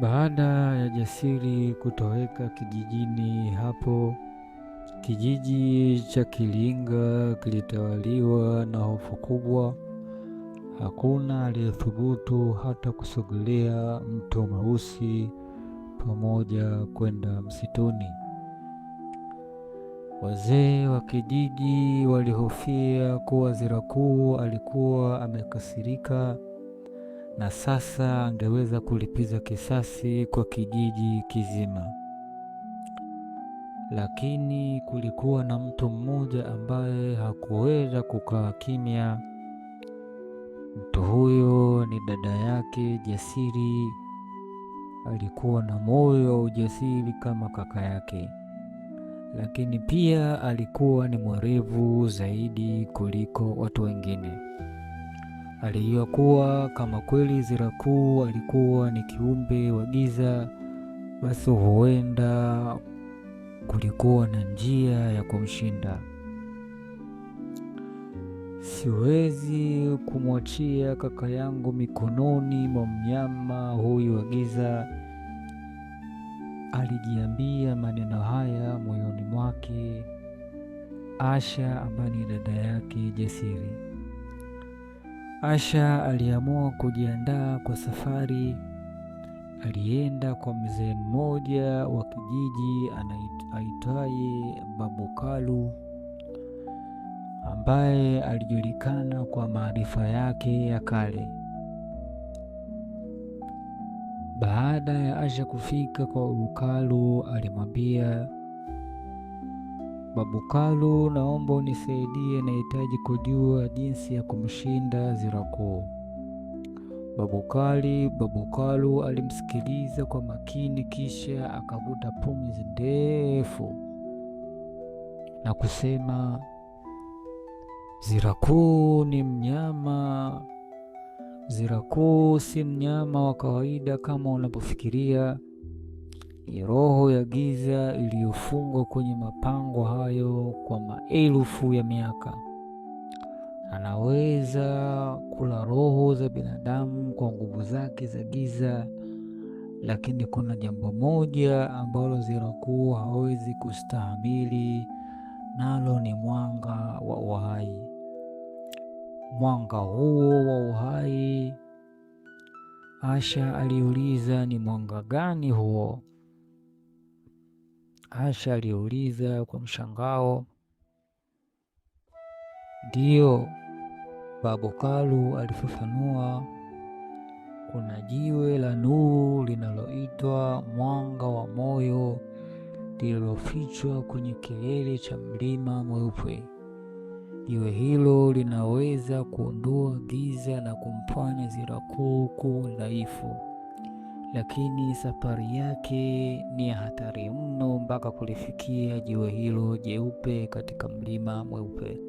Baada ya Jasiri kutoweka kijijini hapo, kijiji cha Kilinga kilitawaliwa na hofu kubwa. Hakuna aliyethubutu hata kusogelea mto mweusi pamoja kwenda msituni. Wazee wa kijiji walihofia kuwa Zirakuu alikuwa amekasirika na sasa angeweza kulipiza kisasi kwa kijiji kizima. Lakini kulikuwa na mtu mmoja ambaye hakuweza kukaa kimya. Mtu huyo ni dada yake Jasiri. Alikuwa na moyo wa ujasiri kama kaka yake, lakini pia alikuwa ni mwerevu zaidi kuliko watu wengine. Alijua kuwa kama kweli Zira Kuu alikuwa ni kiumbe wa giza, basi huenda kulikuwa na njia ya kumshinda. Siwezi kumwachia kaka yangu mikononi mwa mnyama huyu wa giza. Alijiambia maneno haya moyoni mwake Asha ambaye ni dada yake Jasiri. Asha aliamua kujiandaa kwa safari. Alienda kwa mzee mmoja wa kijiji anaitwaye Babu Kalu, ambaye alijulikana kwa maarifa yake ya kale. Baada ya Asha kufika kwa Babu Kalu, alimwambia Babu Kalu, naomba unisaidie, nahitaji kujua jinsi ya kumshinda zirakuu babukali Babu Kali Babu Kalu alimsikiliza kwa makini, kisha akavuta pumzi ndefu na kusema, zirakuu ni mnyama. zirakuu si mnyama wa kawaida kama unavyofikiria roho ya giza iliyofungwa kwenye mapango hayo kwa maelfu ya miaka. Anaweza kula roho za binadamu kwa nguvu zake za giza, lakini kuna jambo moja ambalo zero kuu hawezi kustahamili nalo ni mwanga wa uhai. Mwanga huo wa uhai, Asha aliuliza, ni mwanga gani huo? Asha aliuliza kwa mshangao. Ndiyo, Babokalu alifafanua, kuna jiwe la nuru linaloitwa mwanga wa moyo lililofichwa kwenye kilele cha mlima mweupe. Jiwe hilo linaweza kuondoa giza na kumfanya Zirakuu kuwa dhaifu lakini safari yake ni ya hatari mno mpaka kulifikia jiwe hilo jeupe katika mlima mweupe.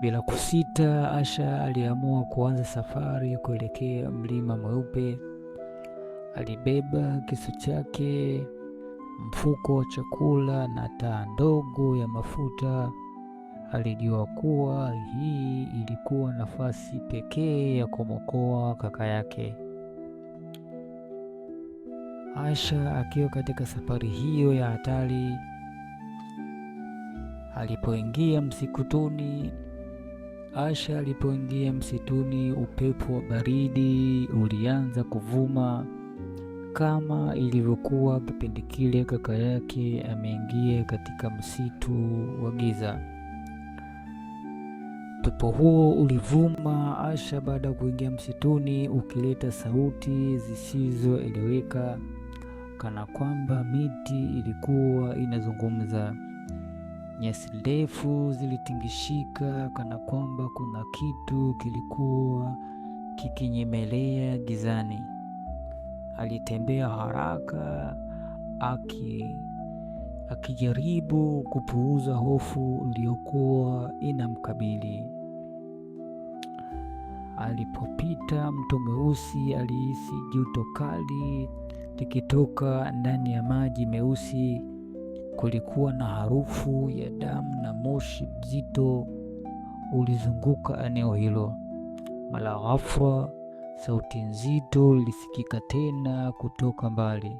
Bila kusita, Asha aliamua kuanza safari kuelekea mlima mweupe. Alibeba kisu chake, mfuko wa chakula na taa ndogo ya mafuta Alijua kuwa hii ilikuwa nafasi pekee ya kumwokoa kaka yake. Asha akiwa katika safari hiyo ya hatari, alipoingia msikutuni Asha alipoingia msituni, upepo wa baridi ulianza kuvuma kama ilivyokuwa kipindi kile kaka yake ameingia katika msitu wa giza. Upepo huo ulivuma Asha baada ya kuingia msituni, ukileta sauti zisizoeleweka, kana kwamba miti ilikuwa inazungumza. Nyasi ndefu zilitingishika, kana kwamba kuna kitu kilikuwa kikinyemelea gizani. Alitembea haraka aki akijaribu kupuuza hofu iliyokuwa inamkabili. Alipopita mtu mweusi, alihisi joto kali likitoka ndani ya maji meusi. Kulikuwa na harufu ya damu na moshi mzito ulizunguka eneo hilo. Mara ghafla, sauti nzito ilisikika tena kutoka mbali.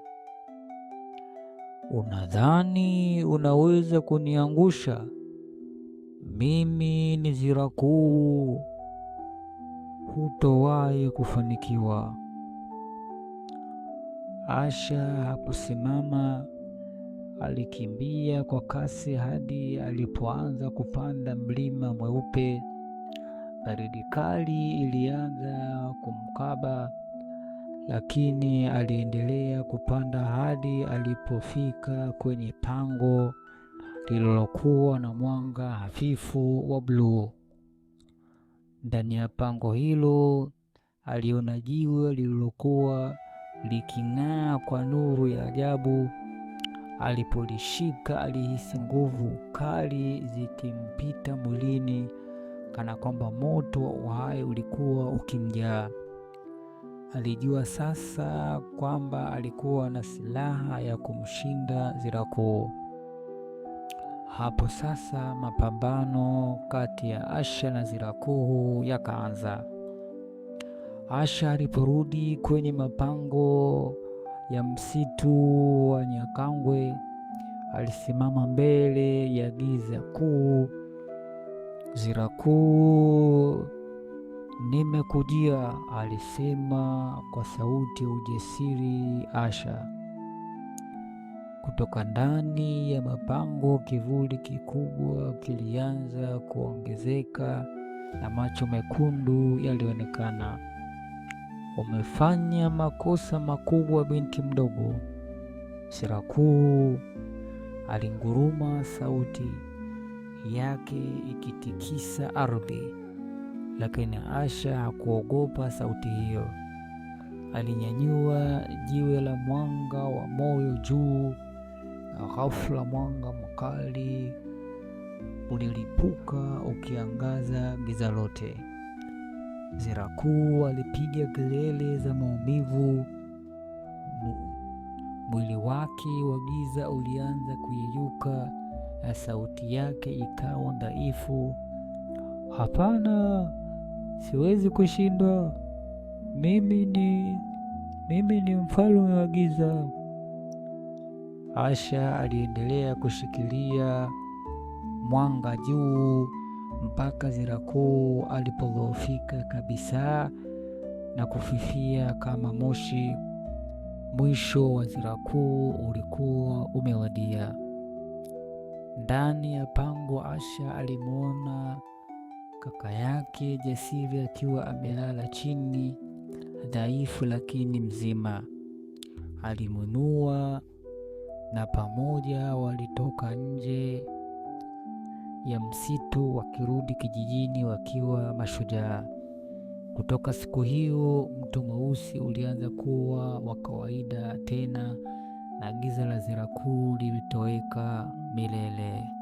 Unadhani unaweza kuniangusha? Mimi ni zira kuu, hutowahi kufanikiwa. Asha hakusimama, alikimbia kwa kasi hadi alipoanza kupanda mlima mweupe. Baridi kali ilianza kumkaba lakini aliendelea kupanda hadi alipofika kwenye pango lililokuwa na mwanga hafifu wa bluu. Ndani ya pango hilo aliona jiwe lililokuwa liking'aa kwa nuru ya ajabu. Alipolishika alihisi nguvu kali zikimpita mwilini, kana kwamba moto wa uhai ulikuwa ukimjaa. Alijua sasa kwamba alikuwa na silaha ya kumshinda Zirakuu. Hapo sasa mapambano kati ya Asha na zirakuu yakaanza. Asha aliporudi kwenye mapango ya msitu wa Nyakangwe, alisimama mbele ya giza kuu. Zirakuu Nimekujia, alisema kwa sauti ya ujasiri Asha. Kutoka ndani ya mapango, kivuli kikubwa kilianza kuongezeka na macho mekundu yalionekana. Umefanya makosa makubwa, binti mdogo. Sira alinguruma, sauti yake ikitikisa ardhi lakini Asha hakuogopa sauti hiyo. Alinyanyua jiwe la mwanga wa moyo juu, na ghafla mwanga mkali ulilipuka ukiangaza giza lote. Zira kuu alipiga kelele za maumivu. Mwili wake wa giza ulianza kuyeyuka na sauti yake ikawa dhaifu. Hapana! siwezi kushindwa. Mimi ni mimi ni mfalme wa giza. Asha aliendelea kushikilia mwanga juu mpaka zira kuu alipodhoofika kabisa na kufifia kama moshi. Mwisho wa zira kuu ulikuwa umewadia. Ndani ya pango, Asha alimwona Kaka yake Jasiri akiwa amelala chini dhaifu, lakini mzima, alimunua na pamoja walitoka nje ya msitu wakirudi kijijini wakiwa mashujaa. Kutoka siku hiyo mtu Mweusi ulianza kuwa wa kawaida tena, na giza la Zirakuu lilitoweka milele.